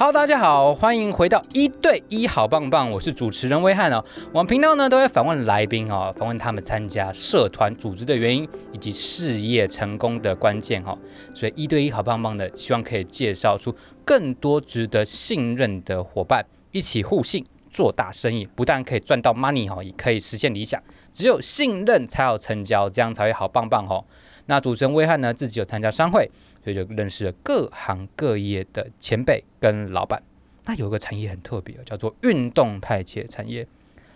Hello，大家好，歡迎回到一對一好棒棒，我是主持人威漢哦。我們頻道呢都會訪問來賓哦，訪問他們參加社團組織的原因以及事業成功的關鍵哈、哦。所以一對一好棒棒的希望可以介紹出更多值得信任的夥伴，一起互信做大生意，不但可以賺到 money 哈、哦，也可以實現理想。只有信任才有成交，這樣才會好棒棒哦，那主持人威漢呢，自己有參加商會。所以就認識了各行各業的前輩跟老闆。那有一個產業很特別，叫做運動派遣產業。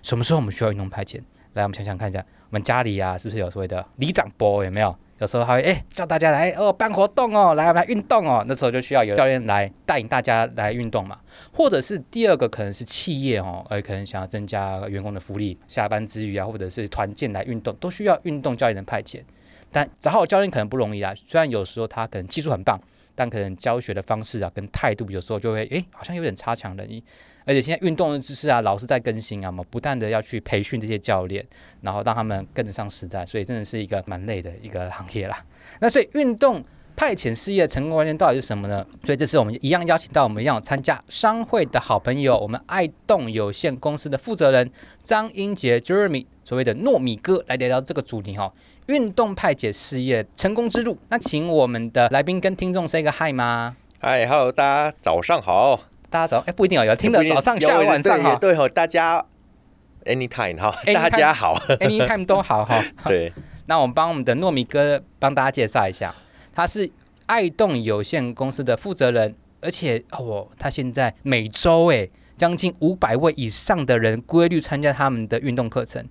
什麼時候我們需要運動派遣？來，我們想想看一下，我們家裡啊，是不是有所謂的里長伯？有沒有？有時候還會哎、欸、叫大家來哦辦活動哦，來我們來運動哦。那時候就需要有教練來帶領大家來運動嘛。或者是第二個可能是企業哦，誒可能想要增加員工的福利，下班之餘啊，或者是團建來運動，都需要運動教練的派遣。但找好教練可能不容易啊，雖然有時候他可能技術很棒，但可能教學的方式啊跟態度有時候就會誒、欸、好像有點差強人意，而且現在運動的知識啊老是在更新啊，我們不斷的要去培訓這些教練，然後讓他們跟得上時代，所以真的是一個蠻累的一個行業啦。那所以運動派遣事業成功關鍵到底是什麼呢？所以這次我們一樣邀請到我們要參加商會的好朋友，我們愛動有限公司的負責人張英杰 Jeremy 所謂的糯米哥來聊聊這個主題哈。運動派遣事業成功之路，那請我們的來賓跟聽眾 say 個 hi 嗎？Hi，Hello，大家早上好。大家早，哎、欸，不一定哦，要聽的，早上下晚上好，對吼、哦，大家 anytime 哈，大 家好，anytime any 都好哈。呵呵 對， 那我們幫我們的糯米哥幫大家介紹一下，他是愛動有限公司的負責人，而且哦，他現在每周哎將近五百位以上的人規律參加他們的運動課程。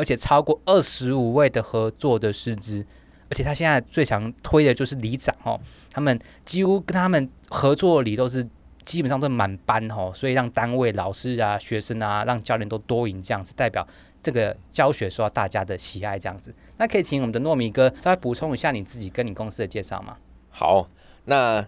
而且超過二十五位的合作的師資，而且他現在最常推的就是里長哦，他們幾乎跟他們合作的里都是基本上都是滿班哦，所以讓單位老師啊、學生啊、讓教練都多贏，這樣是代表這個教學受到大家的喜愛這樣子。那可以請我們的糯米哥稍微補充一下你自己跟你公司的介紹嗎？好，那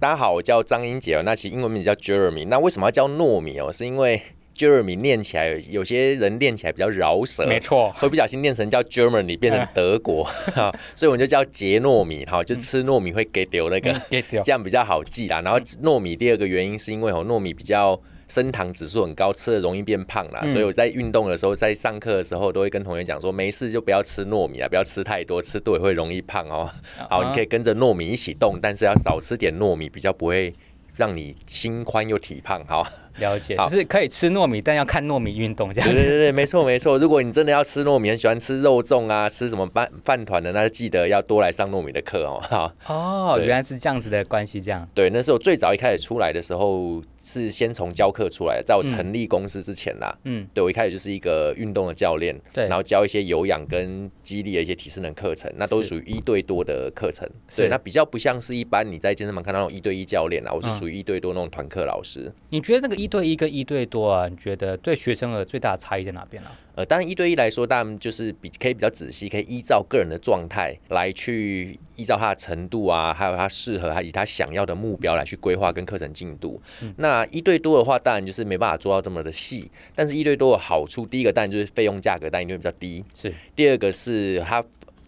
大家好，我叫張英傑哦，那其實英文名叫 Jeremy，那為什麼要叫糯米哦？是因為 Jeremy 念起來，有些人念起來比較饒舌，沒錯，會不小心念成叫 German，你變成德國哈，嗯、 所以我們就叫傑糯米哈、哦，就吃糯米會給丟那個，嗯、給丟，這樣比較好記啦。然後糯米第二個原因是因為哦，糯米比較升糖指數很高，吃了容易變胖啦、嗯，所以我在運動的時候，在上課的時候都會跟同學講說，沒事就不要吃糯米啊，不要吃太多，吃多也會容易胖哦、嗯。好，你可以跟着糯米一起動，但是要少吃點糯米，比較不會讓你心寬又體胖哈。了解，就是可以吃糯米，但要看糯米運動這樣子。對對對，沒錯沒錯。如果你真的要吃糯米，很喜歡吃肉粽啊，吃什麼飯飯糰的，那就記得要多來上糯米的課哦。哦，原來是這樣子的關係，這樣。對，那是我最早一開始出來的時候。是先從教課出來的，在我成立公司之前啦，嗯，對，我一開始就是一個運動的教練，對、嗯，然後教一些有氧跟肌力的一些體適能課程，那都是屬於一對多的課程，對，那比較不像是一般你在健身房看到那種一對一教練啊，我是屬於一對多那種團課老師、嗯。你覺得那個一對一跟一對多啊，你覺得對學生的最大的差異在哪邊啊？呃，當然一對一來說，當然就是比可以比較仔細，可以依照個人的狀態來去依照他的程度啊，還有他適合他，還以他想要的目標來去規劃跟課程進度。嗯。那一對多的話，當然就是沒辦法做到這麼的細，但是，一對多的好處，第一個當然就是費用價格當然就比較低，是。第二個是他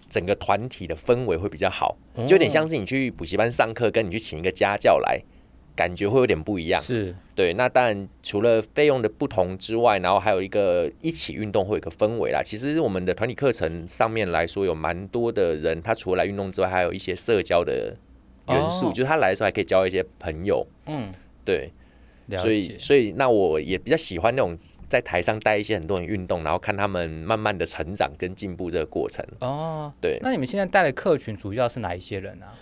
整個團體的氛圍會比較好，就有點像是你去補習班上課，跟你去請一個家教來。感覺會有點不一樣，是，對。那當然，除了費用的不同之外，然後還有一個一起運動會有一個氛圍啦。其實我們的團體課程上面來說，有蠻多的人，他除了來運動之外，還有一些社交的元素，哦、就是他來的時候還可以交一些朋友。嗯，對。所以，所以那我也比較喜歡那種在台上帶一些很多人運動，然後看他們慢慢的成長跟進步這個過程。哦，對。那你們現在帶的客群主要是哪一些人呢、啊？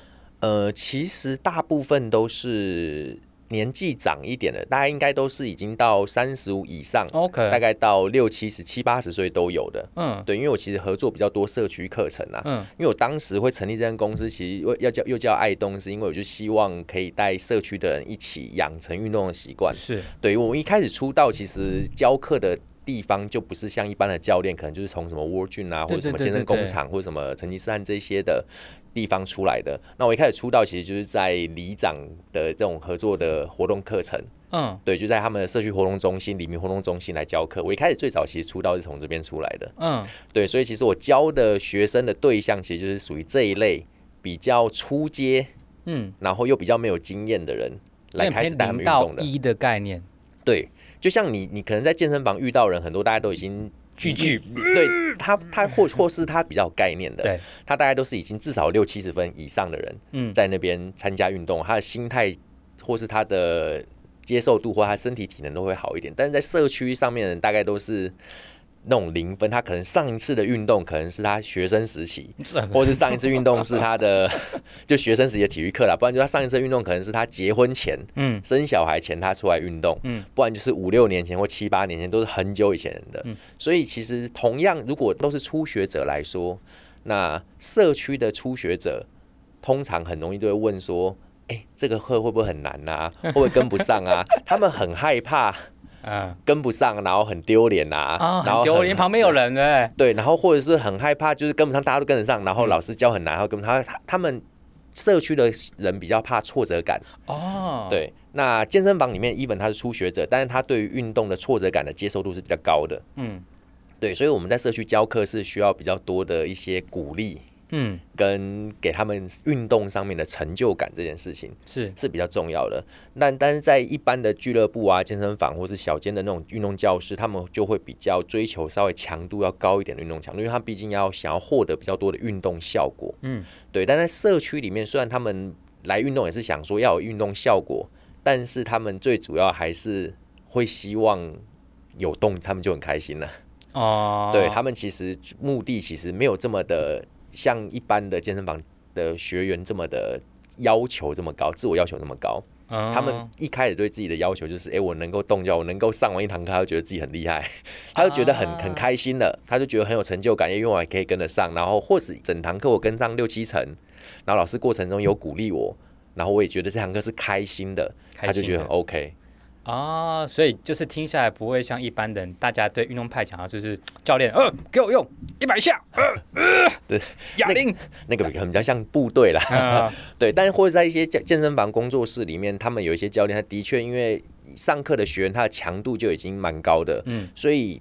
呃，其實大部分都是年紀長一點的，大家應該都是已經到三十五以上，OK，呃，大概到六七十、七八十歲都有的，嗯，對，因為我其實合作比較多社區課程啊，嗯，因為我當時會成立這間公司，其實要叫又叫愛動，是，因為我就希望可以帶社區的人一起養成運動的習慣，是，對，我一開始出道，其實教課的。地方就不是像一般的教練，可能就是從什麼 World Gym 啊，或者什麼健身工廠，或者什麼成吉思汗這些的地方出來的。那我一開始出道，其實就是在里長的這種合作的活動課程，嗯，對，就在他們的社區活動中心、里民活動中心來教課。我一開始最早其實出道是從這邊出來的，嗯，對，所以其實我教的學生的對象，其實就是屬於這一類比較初階，嗯，然後又比較沒有經驗的人來開始帶他們運動的。一的概念，對、嗯。嗯嗯就像你，你可能在健身房遇到人很多，大家都已經句句 對他，他或，或是他比較有概念的。 對，他大概都是已經至少六七十分以上的人，嗯，在那邊參加運動，他的心態或是他的接受度或他身體體能都會好一點，但是在社區上面的人，大概都是。那種零分，他可能上一次的運動可能是他學生時期，是啊、或是上一次運動是他的 就學生時期的體育課啦，不然就他上一次運動可能是他結婚前，嗯，生小孩前他出來運動，嗯，不然就是五六年前或七八年前，都是很久以前的，嗯、所以其實同樣如果都是初學者來說，那社區的初學者通常很容易都會問說，欸、這個課會不會很難啊？會不會跟不上啊？ 他們很害怕。嗯，跟不上，然後很丟臉吶。啊，然後很丟臉、嗯，旁邊有人哎。對，然後或者是很害怕，就是跟不上，大家都跟得上，然後老師教很難，嗯、然後跟不上他他們社區的人比較怕挫折感。哦，對，那健身房裡面，基本他是初學者，但是他對於運動的挫折感的接受度是比較高的。嗯，對，所以我們在社區教課是需要比較多的一些鼓勵。嗯，跟給他們運動上面的成就感這件事情是是比較重要的。但但是在一般的俱樂部啊、健身房或是小間的那種運動教室，他們就會比較追求稍微強度要高一點的運動強度，因為他畢竟要想要獲得比較多的運動效果。嗯，對。但在社區裡面，雖然他們來運動也是想說要有運動效果，但是他們最主要還是會希望有動，他們就很開心了。哦，對他們其實目的其實沒有這麼的。像一般的健身房的學員這麼的要求這麼高，自我要求那麼高。oh. 他們一開始對自己的要求就是，哎，欸，我能夠動腳，我能夠上完一堂課，他就覺得自己很厲害。 他就覺得很很開心了，他就覺得很有成就感，因為我還可以跟得上，然後或是整堂課我跟上六七成，然後老師過程中有鼓勵我，然後我也覺得這堂課是開心，開心的，他就覺得很 OK。啊、哦，所以就是聽下來不會像一般的，大家對運動派講，然後就是教練，呃，給我用一百下呃，呃，對，啞鈴、那個，那個比較像部隊啦、呃、對，但是或者在一些健身房工作室裡面，他們有一些教練，他的確因為上課的學員他的強度就已經蠻高的，嗯，所以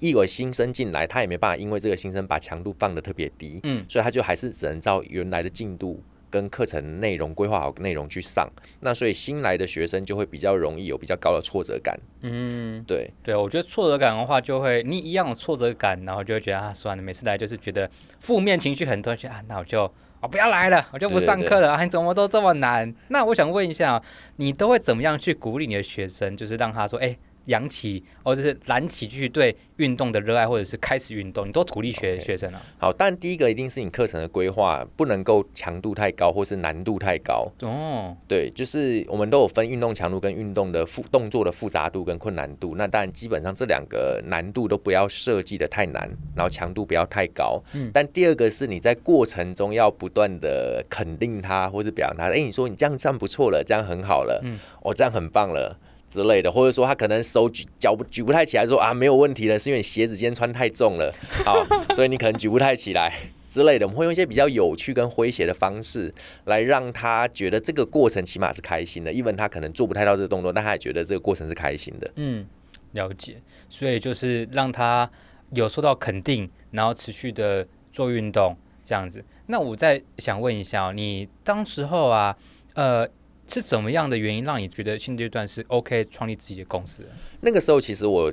一有新生進來，他也沒辦法，因為這個新生把強度放的特別低，嗯，所以他就還是只能照原來的進度。跟課程內容規劃好內容去上，那所以新來的學生就會比較容易有比較高的挫折感。嗯，對對，我覺得挫折感的話，就會你一樣有挫折感，然後就會覺得啊，算了，每次來就是覺得負面情緒很多，就啊，那我就啊不要來了，我就不上課了，對對對。啊，你怎麼都這麼難。那我想問一下，你都會怎麼樣去鼓勵你的學生，就是讓他說，誒、欸……揚起，或、哦、者是燃起，繼續對運動的熱愛，或者是開始運動，你多鼓勵學、okay. 學生啊。好，但第一個一定是你課程的規劃不能夠強度太高，或是難度太高。哦、oh.，對，就是我們都有分運動強度跟運動的複動作的複雜度跟困難度。那當然，基本上這兩個難度都不要設計得太難，然後強度不要太高。嗯。但第二個是你在過程中要不斷的肯定他，或是表揚他。哎，你說你這樣這樣不錯了，這樣很好了。嗯。我、哦、這樣很棒了。之類的，或者說他可能手舉腳舉不太起來，說啊，沒有問題的，是因為你鞋子今天穿太重了、 哦，所以你可能舉不太起來之類的。我們會用一些比較有趣跟詼諧的方式來讓他覺得這個過程起碼是開心的。因為他可能做不太到這個動作，但他也覺得這個過程是開心的。嗯，了解。所以就是讓他有受到肯定，然後持續的做運動這樣子。那我再想問一下，你當時候啊，呃。是怎麼樣的原因讓你覺得現階段是 OK 創立自己的公司？那個時候其實我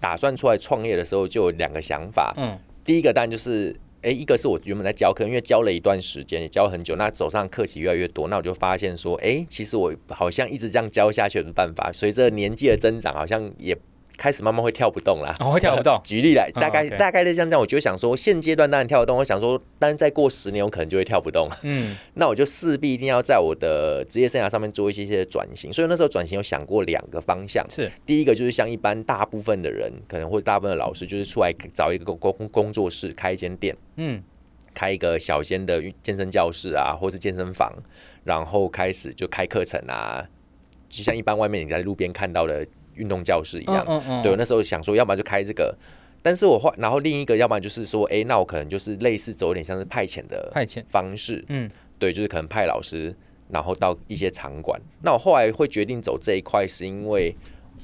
打算出來創業的時候就有兩個想法，嗯，第一個當然就是，哎、欸，一個是我原本在教課，因為教了一段時間，也教很久，那走上課時越來越多，那我就發現說，哎、欸，其實我好像一直這樣教下去沒辦法，隨着年紀的增長，好像也。嗯開始慢慢會跳不動了，我、哦、會跳不動。 舉例來，大概大概像這樣我就想說，現階段當然跳得動，我想說，但是再過十年，我可能就會跳不動。嗯，那我就勢必一定要在我的職業生涯上面做一些些轉型。所以那時候轉型有想過兩個方向，是第一個就是像一般大部分的人，可能會大部分的老師就是出來找一個工工工作室，開一間店，嗯，開一個小間的健身教室啊，或是健身房，然後開始就開課程啊，就像一般外面你在路邊看到的。運動教室一樣，oh, oh, oh. 對。我那時候想說，要不然就開這個，但是我後，然後另一個，要不然就是說，哎、欸，那我可能就是類似走有點像是派遣的派遣方式，嗯，對，就是可能派老師，然後到一些場館。那我後來會決定走這一塊，是因為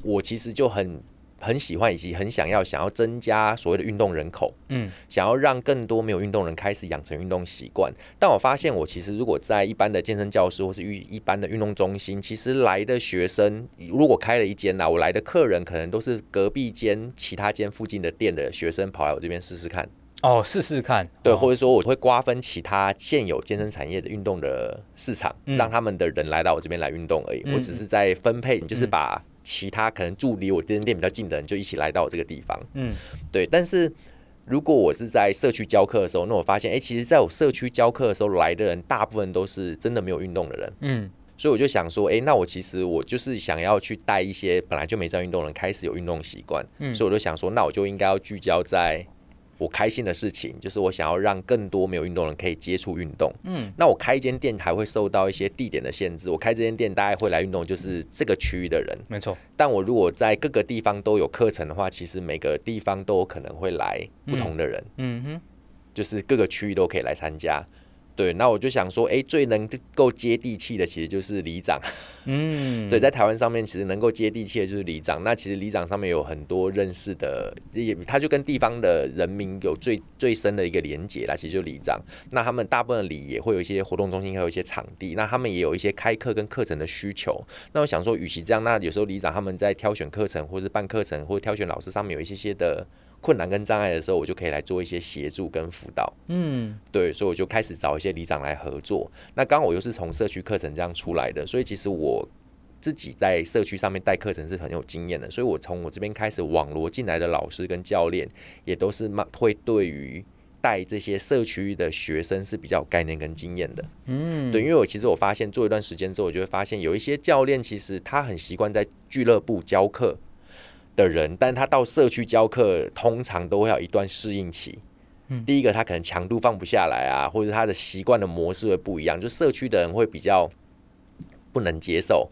我其實就很。很喜歡以及很想要，想要增加所謂的運動人口，嗯，想要讓更多沒有運動的人開始養成運動習慣。但我發現，我其實如果在一般的健身教室或是運一般的運動中心，其實來的學生如果開了一間那、啊、我來的客人可能都是隔壁間、其他間附近的店的學生跑來我這邊試試看。哦，試試看，哦、對，或者說我會瓜分其他現有健身產業的運動的市場，嗯、讓他們的人來到我這邊來運動而已。嗯、我只是在分配，就是把、嗯。其他可能住離我這間店比較近的人就一起來到我這個地方。嗯，對。但是如果我是在社區教課的時候，那我發現，哎、欸，其實在我社區教課的時候，來的人大部分都是真的沒有運動的人。嗯，所以我就想說，哎、欸，那我其實我就是想要去帶一些本來就沒在運動的人，開始有運動習慣。嗯，所以我就想說，那我就應該要聚焦在。我開心的事情就是我想要讓更多沒有運動的人可以接觸運動。嗯，那我開一間店還會受到一些地點的限制，我開這間店，大概會來運動，就是這個區域的人。沒錯。但我如果在各個地方都有課程的話，其實每個地方都有可能會來不同的人。嗯哼，就是各個區域都可以來參加。對，那我就想說，哎，最能夠接地氣的其實就是里長。嗯，所 以在台灣上面，其實能夠接地氣的就是里長。那其實里長上面有很多認識的，也他就跟地方的人民有最最深的一個連接啦。其實就是里長，那他們大部分的里也會有一些活動中心，還有一些場地。那他們也有一些開課跟課程的需求。那我想說，與其這樣，那有時候里長他們在挑選課程，或是辦課程，或挑選老師上面有一些些的困難跟障礙的時候，我就可以來做一些協助跟輔導。嗯，對，所以我就開始找一些里長來合作。那剛好我又是從社區課程這樣出來的，所以其實我自己在社區上面帶課程是很有經驗的。所以我從我這邊開始網羅進來的老師跟教練，也都是會對於帶這些社區的學生是比較有概念跟經驗的。嗯，對，因為我其實我發現做一段時間之後，我就會發現有一些教練其實他很習慣在俱樂部教課。的人，但他到社區教課，通常都會有一段適應期，嗯。第一個他可能強度放不下來啊，或者他的習慣的模式會不一樣，就社區的人會比較不能接受，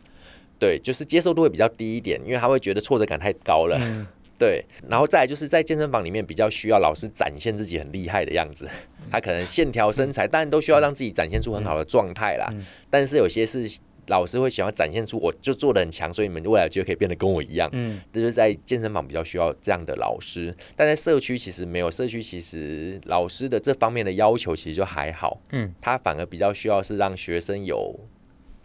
對，就是接受度會比較低一點，因為他會覺得挫折感太高了。嗯、對，然後再來就是，在健身房裡面比較需要老師展現自己很厲害的樣子，他可能線條身材、嗯，當然都需要讓自己展現出很好的狀態啦、嗯。但是有些事。老師會想要展現出我就做得很強，所以你們未來就可以變得跟我一樣。嗯，就是在健身房比較需要這樣的老師，但在社區其實沒有，社區其實老師的這方面的要求其實就還好。嗯，他反而比較需要是讓學生有，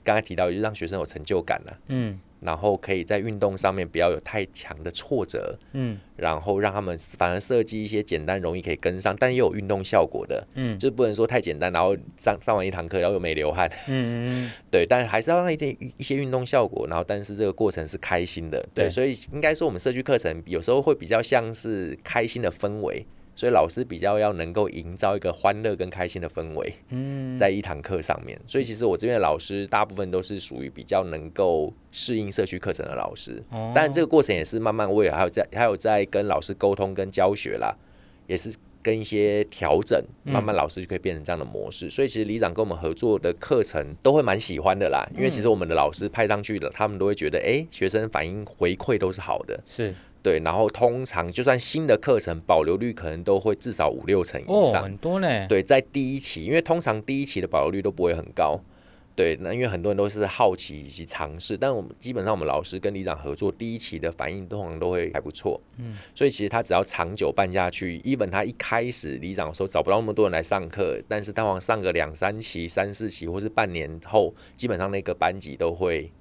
剛才提到就讓學生有成就感了啊。嗯。然後可以在運動上面不要有太強的挫折，嗯，然後讓他們反而設計一些簡單容易可以跟上，但又有運動效果的，嗯，就不能說太簡單，然後上上完一堂課然後又沒流汗，嗯，嗯嗯，對，但還是要讓一點一些運動效果，然後但是這個過程是開心的對，對，所以應該說我們社區課程有時候會比較像是開心的氛圍。所以老師比較要能夠營造一個歡樂跟開心的氛圍，嗯，在一堂課上面。所以其實我這邊的老師大部分都是屬於比較能夠適應社區課程的老師，但這個過程也是慢慢我也還有在還有在跟老師溝通跟教學啦，也是跟一些調整，慢慢老師就可以變成這樣的模式。所以其實里長跟我們合作的課程都會蠻喜歡的啦，因為其實我們的老師派上去的，他們都會覺得哎、欸，學生反應回饋都是好的，是。對，然後通常就算新的課程保留率可能都會至少五六成以上，哦，很多呢。對，在第一期，因為通常第一期的保留率都不會很高。對，那因為很多人都是好奇以及嘗試，但我們基本上我們老師跟里長合作，第一期的反應通常都會還不錯。嗯，所以其實他只要長久辦下去、嗯、，even 他一開始里長的時候找不到那麼多人來上課，但是他往上個兩三期、三四期，或是半年後，基本上那個班級都會。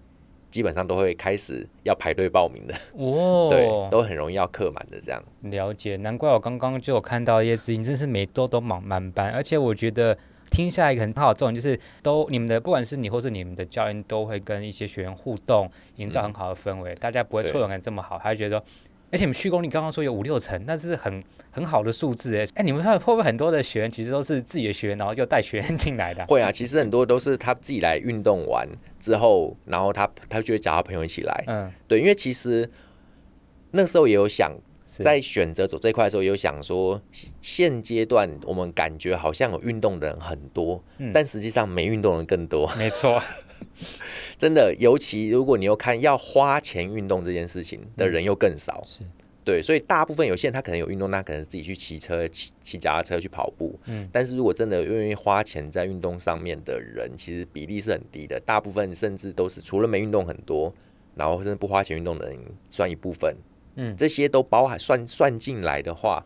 基本上都會開始要排隊報名的哦， 對，都很容易要客滿的這樣。了解，難怪我剛剛就有看到葉子，你 真是每周都忙，滿班，而且我覺得聽下來很好他好在就是都你們的，不管是你或是你們的教練都會跟一些學員互動，營造很好的氛圍，嗯，大家不會錯感這麼好，他就覺得說。而且我們虛宮，你剛剛說有五六成，那是很很好的數字哎！哎、欸，你們會不會很多的學員其實都是自己的學員，然後又帶學員進來的？會啊，其實很多都是他自己來運動完之後，然後他他就會找他朋友一起來。嗯，對，因為其實那時候也有想在選擇走這塊的時候，有想說現階段我們感覺好像有運動的人很多，嗯、但實際上沒運動的人更多。沒錯。 真的，尤其如果你又看要花錢運動這件事情的人又更少，嗯、是對，所以大部分有些人他可能有運動，那可能是自己去騎車、騎騎腳踏車去跑步，嗯，但是如果真的願意花錢在運動上面的人，其實比例是很低的，大部分甚至都是除了沒運動很多，然後甚至不花錢運動的人算一部分，嗯，這些都包含算算進來的話，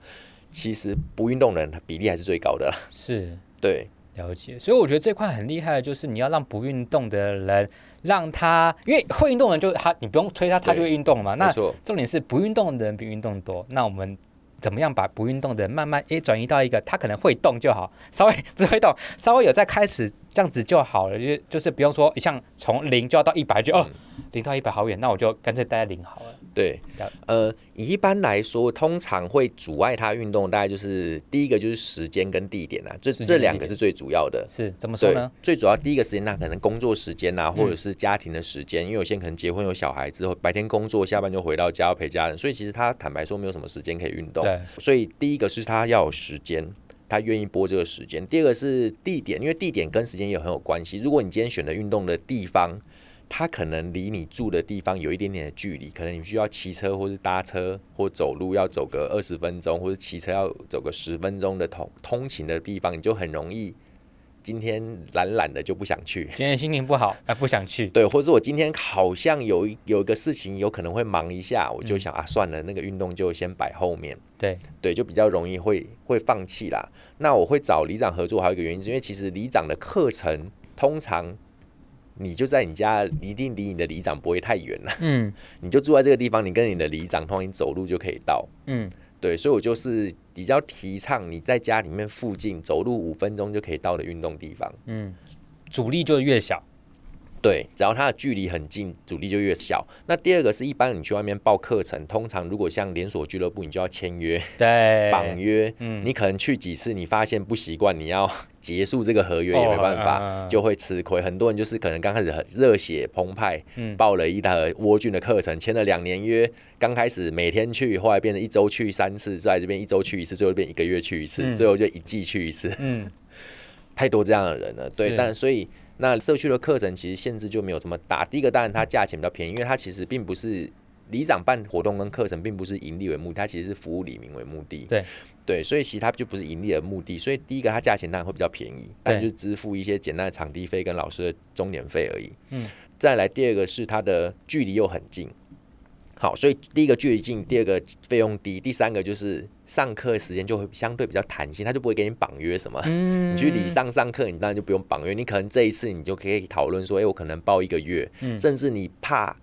其實不運動的人比例還是最高的，是對。了解，所以我覺得這塊很厲害的就是你要讓不運動的人讓他，因為會運動的人就他，你不用推他，他就會運動嘛。那重點是不運動的人比運動多，嗯。那我們怎麼樣把不運動的人慢慢誒轉移到一個他可能會動就好，稍微不會動，稍微有在開始這樣子就好了。就是就是不用說像從零就要到一百，嗯，就哦，零到一百好遠，那我就乾脆待在零好了。對，呃，一般來說，通常會阻礙他運動，大概就是第一個就是時間跟地點啊，這這兩個是最主要的。是怎麼說呢？最主要第一個時間，那可能工作時間吶、啊，或者是家庭的時間、嗯，因為有些人可能結婚有小孩之後，白天工作，下班就回到家要陪家人，所以其實他坦白說沒有什麼時間可以運動。對，所以第一個是他要有時間，他願意撥這個時間。第二個是地點，因為地點跟時間也很有關係。如果你今天選的運動的地方，他可能離你住的地方有一點點的距離，可能你需要騎車或者搭車或走路，要走個二十分鐘，或者騎車要走個十分鐘的通通勤的地方，你就很容易今天懶懶的就不想去。今天心情不好，啊不想去。對，或者我今天好像有一有一個事情有可能會忙一下，我就想、嗯、啊算了，那個運動就先擺後面。對對，就比較容易會會放棄啦。那我會找里長合作，還有一個原因，因為其實里長的課程通常。你就在你家，一定離你的里長不會太遠了。嗯，你就住在這個地方，你跟你的里長通常你走路就可以到。嗯，對，所以我就是比較提倡你在家裡面附近走路五分鐘就可以到的運動地方。嗯，阻力就越小。對，只要它的距離很近，阻力就越小。那第二個是一般你去外面報課程，通常如果像連鎖俱樂部，你就要簽約，對，綁約。嗯，你可能去幾次，你發現不習慣，你要。結束這個合約也沒辦法，就會吃虧，哦啊啊。很多人就是可能剛開始很熱血澎湃，嗯、報了一台沃郡的課程，簽了兩年約。剛開始每天去，後來變成一周去三次，在這邊一周去一次，最後變一個月去一次，嗯、最後就一季去一次，嗯。太多這樣的人了。對，但所以那社區的課程其實限制就沒有這麼大。第一個，當然它價錢比較便宜，因為它其實並不是。里長辦活動跟課程，並不是盈利為目的，他其實是服務里民為目的。對對，所以其他就不是盈利的目的。所以第一個，它價錢當然會比較便宜，但就支付一些簡單的場地費跟老師的鐘點費而已。嗯，再來第二個是它的距離又很近。好，所以第一個距離近，第二個費用低，第三個就是上課時間就會相對比較彈性，他就不會給你綁約什麼。嗯、 你去里上上課，你當然就不用綁約，你可能這一次你就可以討論說，哎，我可能報一個月，嗯、甚至你怕。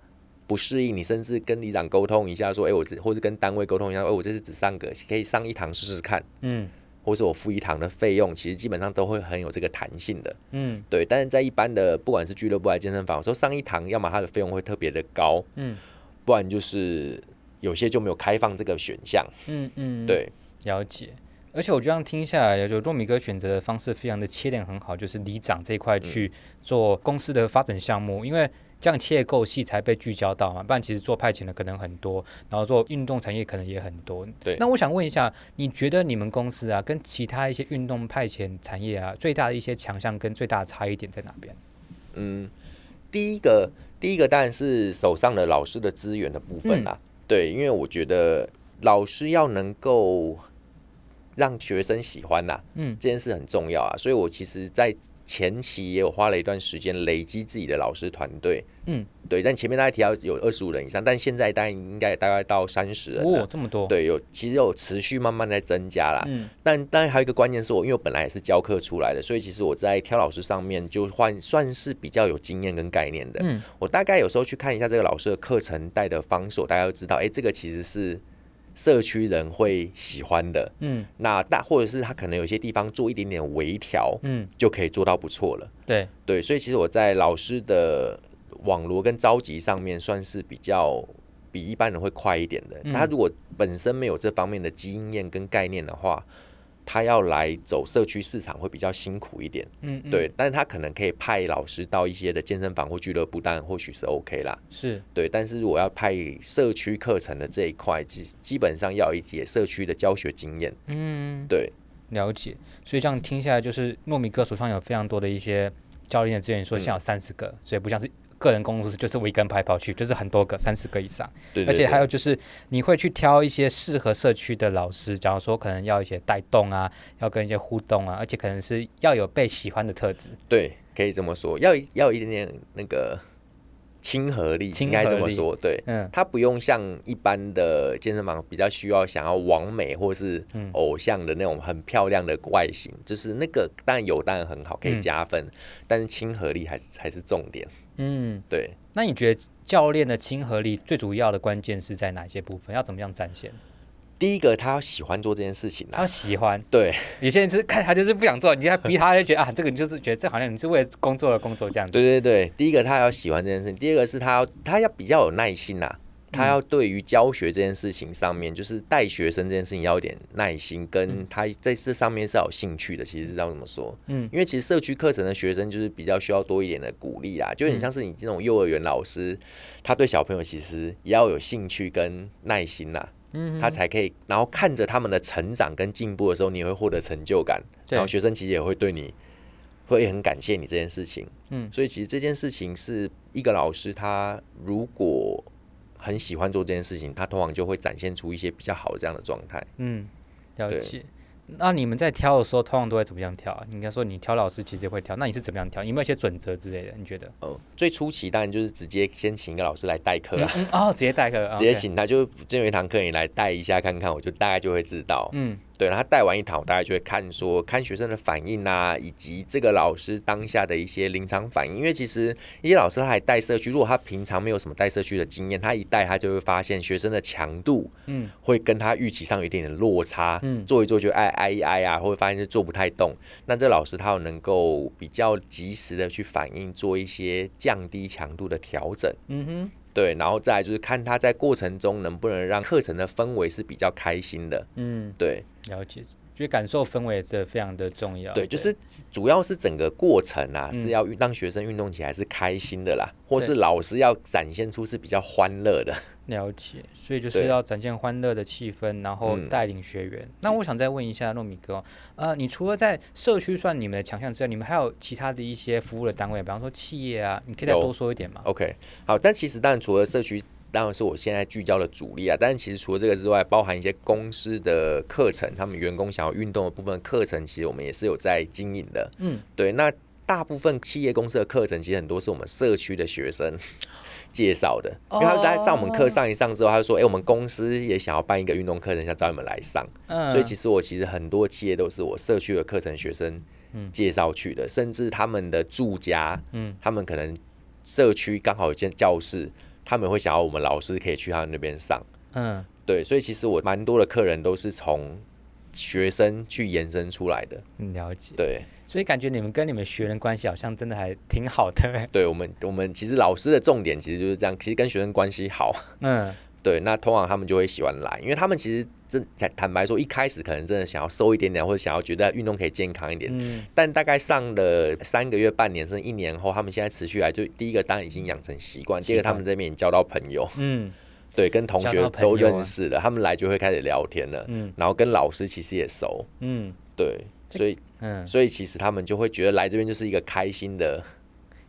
不適應，你甚至跟里長溝通一下，說：“哎，我這或者跟單位溝通一下，我這次只上個可以上一堂試試看。”嗯，或者我付一堂的費用，其實基本上都會很有這個彈性的。嗯，對。但是在一般的，不管是俱樂部還是健身房，說上一堂，要麼它的費用會特別的高，嗯，不然就是有些就沒有開放這個選項。嗯嗯，對，了解。而且我這樣聽下來，就糯米哥選擇的方式非常的切點很好，就是里長這塊去做公司的發展項目、嗯，因為。這樣切夠細才被聚焦到嘛，不然其實做派遣的可能很多，然後做運動產業可能也很多。對，那我想問一下，你覺得你們公司啊，跟其他一些運動派遣產業啊，最大的一些強項跟最大的差異點在哪邊？嗯，第一個，第一個當然是手上的老師的資源的部分啦，啊，嗯。對，因為我覺得老師要能夠。讓學生喜歡吶，嗯，這件事很重要啊，嗯、所以我其實，在前期也有花了一段時間累積自己的老師團隊，嗯，對。但前面大家提到有二十五人以上，但現在大概應該也大概到三十人，哇、哦，這麼多，對，有其實有持續慢慢在增加啦。嗯，但當然還有一個關鍵是我，因為我本來也是教課出來的，所以其實我在挑老師上面就換算是比較有經驗跟概念的。嗯，我大概有時候去看一下這個老師的課程帶的方式，我大家都知道，哎，這個其實是。社區人會喜歡的，嗯，那大或者是他可能有些地方做一點點微調，嗯，就可以做到不錯了。嗯、對對，所以其實我在老師的網絡跟召集上面，算是比較比一般人會快一點的。他、嗯、如果本身沒有這方面的經驗跟概念的話。他要來走社區市場會比較辛苦一點，嗯，嗯，對，但他可能可以派老師到一些的健身房或俱樂部，當然或許是 OK 啦，是，對，但是我要派社區課程的這一塊，基基本上要一些社區的教學經驗，嗯，嗯，對，了解，所以這樣聽下來，就是糯米哥手上有非常多的一些教練的資源，你說現有三十個、嗯，所以不像是。個人工作室就是我一個人跑來跑去，就是很多個三四個以上。對對對，而且還有就是你會去挑一些適合社區的老師，假如說可能要一些帶動啊，要跟一些互動啊，而且可能是要有被喜歡的特質。對，可以這麼說，要要一點點那個。親和力，親和力應該這麼說？對，嗯，他不用像一般的健身房比較需要想要完美或是偶像的那種很漂亮的外形，嗯，就是那個當然有，當然很好，可以加分，嗯、但是親和力還是還是重點。嗯，對。那你覺得教練的親和力最主要的關鍵是在哪些部分？要怎麼樣展現？第一個，他要喜歡做這件事情。他喜歡，對。有些人就是看他就是不想做，你要逼他，他就覺得 啊，這個你就是覺得這好像你是為了工作而工作這樣子。對對對，第一個他要喜歡這件事情，第二個是他要他要比較有耐心吶、嗯，他要對於教學這件事情上面，就是帶學生這件事情要有點耐心，跟他在這上面是要有興趣的。其實是要怎麼說，嗯，因為其實社區課程的學生就是比較需要多一點的鼓勵啊，就是你像是你這種幼兒園老師，他對小朋友其實也要有興趣跟耐心吶。嗯，他才可以，然後看着他們的成長跟進步的時候，你會獲得成就感。然後學生其實也會對你會很感謝你這件事情。嗯，所以其實這件事情是一個老師他如果很喜歡做這件事情，他通常就會展現出一些比較好這樣的狀態。嗯，對。那你們在挑的時候，通常都會怎麼樣挑啊？你應該說你挑老師其實也會挑，那你是怎麼樣挑？有沒有一些準則之類的？你覺得？哦、呃，最初期當然就是直接先請一個老師來代課啊、嗯嗯。哦，直接代課，直接請他，哦、就這邊有一堂課，你來帶一下看看，我就大概就會知道。嗯。對，他帶完一堂，我大概就會看說，看學生的反應吶、啊，以及這個老師當下的一些臨場反應。因為其實一些老師他還帶社區，如果他平常沒有什麼帶社區的經驗，他一帶他就會發現學生的強度，嗯，會跟他預期上有一點點落差，嗯，做一做就愛，挨、一哎啊，會發現就做不太動。那這老師他有能夠比較及時的去反應，做一些降低強度的調整，嗯哼，對，然後再來就是看他在過程中能不能讓課程的氛圍是比較開心的，嗯，對。了解，就是感受氛圍的非常的重要對。對，就是主要是整個過程啊，嗯、是要讓學生運動起來是開心的啦，或是老師要展現出是比較歡樂的。了解，所以就是要展現歡樂的氣氛，然後帶領學員，嗯。那我想再問一下糯米哥，哦，呃，你除了在社區算你們的強項之外，你們還有其他的一些服務的單位，比方說企業啊，你可以再多說一點嗎？Oh,OK，好。但其實當然除了社區。當然是我現在聚焦的主力啊，但是其實除了這個之外，包含一些公司的課程，他們員工想要運動的部分課程，其實我們也是有在經營的。嗯，對。那大部分企業公司的課程，其實很多是我們社區的學生 介紹的，因為他在上我們課上一上之後，哦、他就說：“哎、欸，我們公司也想要辦一個運動課程，想找你們來上。”所以其實我其實很多企業都是我社區的課程學生介紹去的、嗯，甚至他們的住家，嗯，他們可能社區剛好有間教室。他們會想要我們老師可以去他們那邊上，嗯，對，所以其實我蠻多的客人都是從學生去延伸出來的，嗯，了解。對，所以感覺你們跟你們學生關係好像真的還挺好的。對我們，我們其實老師的重點其實就是這樣，其實跟學生關係好，嗯。對，那通常他們就會喜歡來，因為他們其實真坦白說，一開始可能真的想要瘦一點點，或者想要覺得運動可以健康一點。嗯。但大概上了三個月、半年甚至一年後，他們現在持續來，就第一個當然已經養成習慣，習慣。第二個他們這邊已經交到朋友。嗯。對，跟同學都認識了，啊，他們來就會開始聊天了。嗯。然後跟老師其實也熟。嗯。對，所以嗯，所以其實他們就會覺得來這邊就是一個開心的，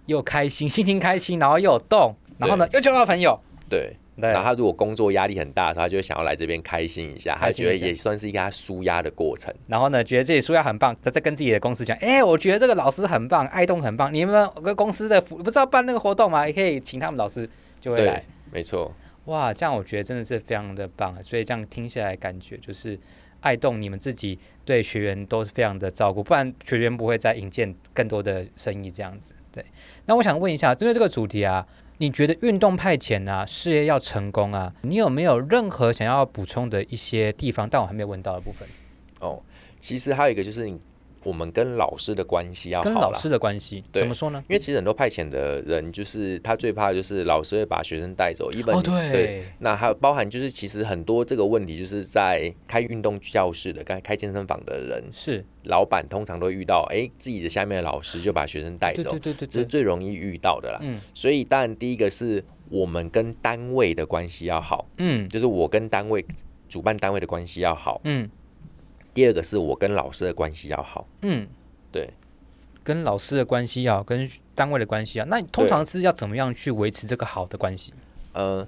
又開心，心情開心，然後又有動，然後呢又交到朋友。對。對，然後他如果工作壓力很大的，他就會想要來這邊開心一下，一下他覺得也算是一個舒壓的過程。然後呢，覺得自己舒壓很棒，他在跟自己的公司講：“哎，我覺得這個老師很棒，愛動很棒。你們我公司的不是要辦那個活動嗎？也可以請他們老師就會來。對。”沒錯。哇，這樣我覺得真的是非常的棒。所以這樣聽起來，感覺就是愛動，你們自己對學員都是非常的照顧，不然學員不會再引薦更多的生意這樣子。對。那我想問一下，針對這個主題啊。你覺得運動派遣啊，事業要成功啊，你有沒有任何想要補充的一些地方？但我還沒有問到的部分。哦，其實還有一個就是你。我們跟老師的關係要好。跟老師的關係，怎麼說呢？因為其實很多派遣的人，就是他最怕就是老師會把學生帶走。一本、哦、對，對，那還有包含就是其實很多這個問題，就是在開運動教室的、開開健身房的人，是老闆通常都遇到。哎、欸，自己的下面的老師就把學生帶走，對對，對對對，這是最容易遇到的啦。嗯，所以當然第一個是我們跟單位的關係要好，嗯，就是我跟單位主辦單位的關係要好，嗯。第二個是我跟老師的關係要好，嗯，對，跟老師的關係要跟單位的關係啊。那你通常是要怎麼樣去維持這個好的關係？呃，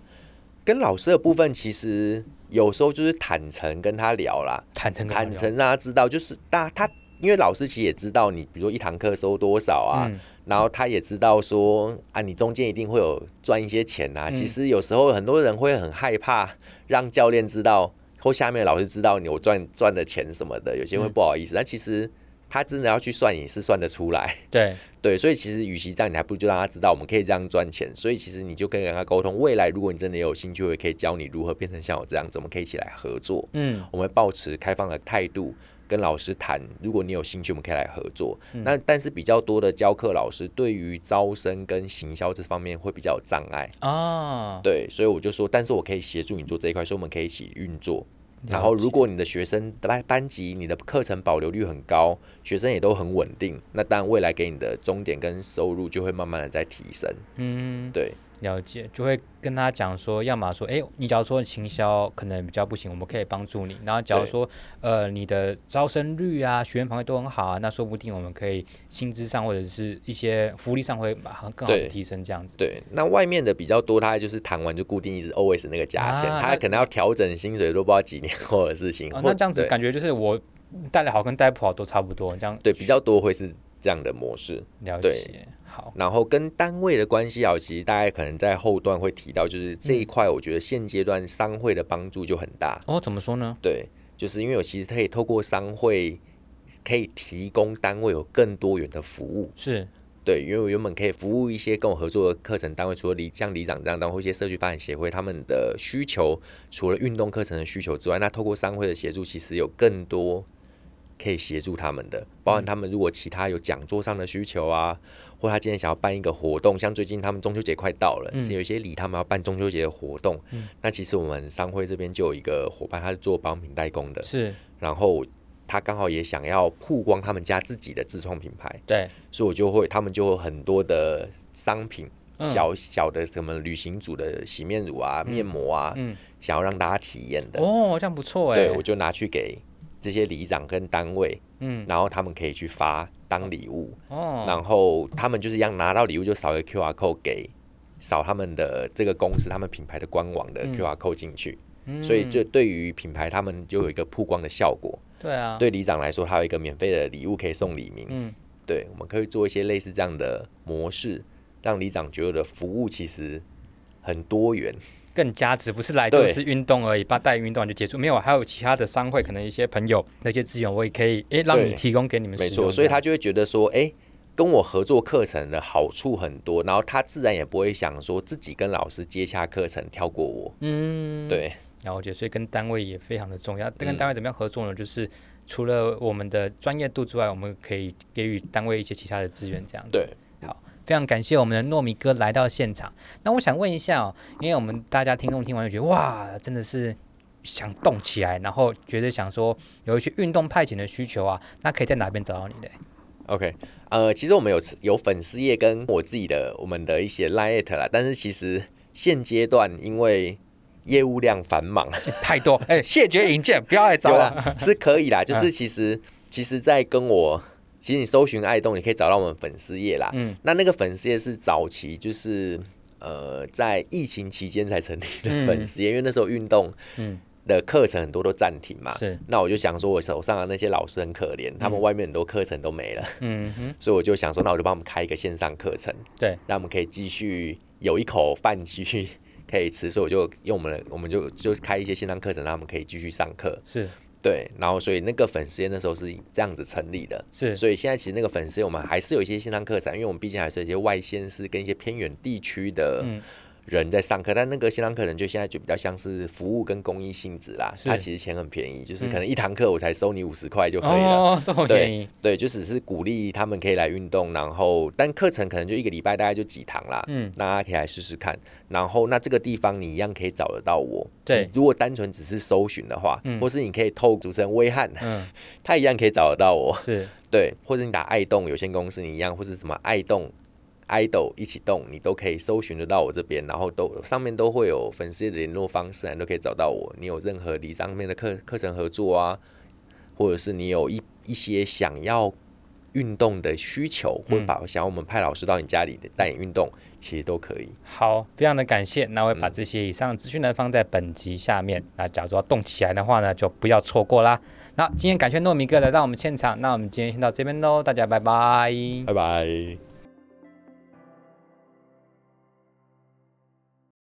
跟老師的部分其實有時候就是坦誠跟他聊啦，坦誠坦誠，讓他知道，就是大他，他因為老師其實也知道你，比如說一堂課收多少啊，嗯，然後他也知道說啊，你中間一定會有賺一些錢啊，嗯。其實有時候很多人會很害怕讓教練知道。或下面老師知道你我賺賺的錢什麼的，有些人會不好意思、嗯，但其實他真的要去算也是算得出來。對對，所以其實與其這樣，你還不如就讓他知道我們可以這樣賺錢。所以其實你就可以跟他溝通，未來如果你真的有興趣，也可以教你如何變成像我這樣子，我們可以一起來合作。嗯，我們會保持開放的態度。跟老師談，如果你有興趣，我們可以來合作，嗯。那但是比較多的教課老師對於招生跟行銷這方面會比較有障礙啊。對，所以我就說，但是我可以協助你做這一塊，所以我們可以一起運作。然後如果你的學生班班級你的課程保留率很高，學生也都很穩定，那當然未來給你的鐘點、跟收入就會慢慢的在提升。嗯，對。了解，就會跟他講說，要麼說，誒、欸，你假如說行銷可能比較不行，我們可以幫助你。然後假如說，呃，你的招生率啊、學員旁邊都很好啊，那說不定我們可以薪資上或者是一些福利上會好像更好提升這樣子對。對，那外面的比較多，他就是談完就固定一直 always 那個價錢，啊、他可能要調整薪水都不知道幾年後的事情。那這樣子感覺就是我帶的好跟帶不好都差不多，這樣對，比較多會是。這樣的模式，了解。對，好。然後跟單位的關係啊，其實大家可能在後段會提到，就是這一塊，我覺得現階段商會的幫助就很大。嗯。哦，怎麼說呢？對，就是因為我其實可以透過商會，可以提供單位有更多元的服務。是，對，因為我原本可以服務一些跟我合作的課程單位，除了裡像里長這樣單位，或一些社區發展協會他們的需求，除了運動課程的需求之外，那透過商會的協助，其實有更多。可以協助他們的，包含他們如果其他有講座上的需求啊、嗯，或他今天想要辦一個活動，像最近他們中秋節快到了，是、嗯、有一些禮，他們要辦中秋節的活動。嗯，那其實我們商會這邊就有一個夥伴，他是做保養品代工的，是。然後他剛好也想要曝光他們家自己的自創品牌，對。所以我就會，他們就會很多的商品，嗯、小小的什麼旅行組的洗面乳啊、嗯、面膜啊嗯，嗯，想要讓大家體驗的。哦，這樣不錯哎、欸。對，我就拿去給。這些里長跟單位，嗯，然後他們可以去發當禮物，哦，然後他們就是要拿到禮物就掃個 QR Code 給，掃他們的這個公司、他們品牌的官網的 QR Code 進去、嗯，所以就對於品牌，他們就有一個曝光的效果。對、嗯、啊，對里長來說，還有一個免費的禮物可以送里民、嗯。對，我們可以做一些類似這樣的模式，讓里長覺得服務其實很多元。更加值不是來就是運動而已，把帶運動就結束。沒有、啊，還有其他的商會，可能一些朋友那些資源，我也可以誒、欸，讓你提供給你們。沒錯，所以他就會覺得說，誒、欸，跟我合作課程的好處很多，然後他自然也不會想說自己跟老師接下課程跳過我。嗯，對。然後我覺得。所以跟單位也非常的重要。跟單位怎麼樣合作呢？嗯、就是除了我們的專業度之外，我們可以給予單位一些其他的資源，這樣子對。非常感謝我們的糯米哥來到現場。那我想問一下哦、喔，因為我們大家聽眾聽完就覺得哇，真的是想動起來，然後覺得想說有一些運動派遣的需求啊，那可以在哪邊找到你呢？OK，呃，其實我們有有粉絲頁，跟我自己的我們的一些 LINE 啦，但是其實現階段，因為業務量繁忙太多，哎、欸，謝絕引薦， 不要再找了，是可以啦， 就是其實其實在跟我。其實你搜尋愛動，你可以找到我們粉絲頁啦。嗯，那那個粉絲頁是早期，就是呃，在疫情期間才成立的粉絲頁、嗯。因為那時候運動的課程很多都暫停嘛。是，那我就想說，我手上的那些老師很可憐、嗯，他們外面很多課程都沒了。嗯哼，所以我就想說，那我就幫他們開一個線上課程。對，那我們可以繼續有一口飯繼續可以吃，所以我就用我們，我們就就開一些線上課程，讓他們可以繼續上課。是。對，然後所以那個粉絲頁那時候是這樣子成立的，是，所以現在其實那個粉絲頁我們還是有一些線上課程，因為我們畢竟還是有一些外縣市跟一些偏遠地區的。嗯人在上課，但那個線上課程就現在就比較像是服務跟公益性質啦。它其實錢很便宜，就是可能一堂課我才收你五十塊就可以了。哦,哦,哦，這麼便宜對，對，就只是鼓勵他們可以來運動。然後，但課程可能就一個禮拜大概就幾堂啦。嗯，大家可以來試試看。然後，那這個地方你一樣可以找得到我。對，如果單純只是搜尋的話、嗯，或是你可以透過主持人威漢，嗯， 他一樣可以找得到我。是，對，或者你打愛動有限公司，你一樣，或者什麼愛動。Idol 一起動，你都可以搜尋得到我這邊，然後都上面都會有粉絲的聯絡方式，你都可以找到我。你有任何離上面的課課程合作啊，或者是你有一一些想要運動的需求，或是把想要我們派老師到你家裡帶你運動、嗯，其實都可以。好，非常的感謝。那我會把這些以上資訊呢放在本集下面。嗯、那假如說動起來的話呢，就不要錯過啦。那今天感謝糯米哥來到我們現場。那我們今天先到這邊嘍，大家拜拜，拜拜。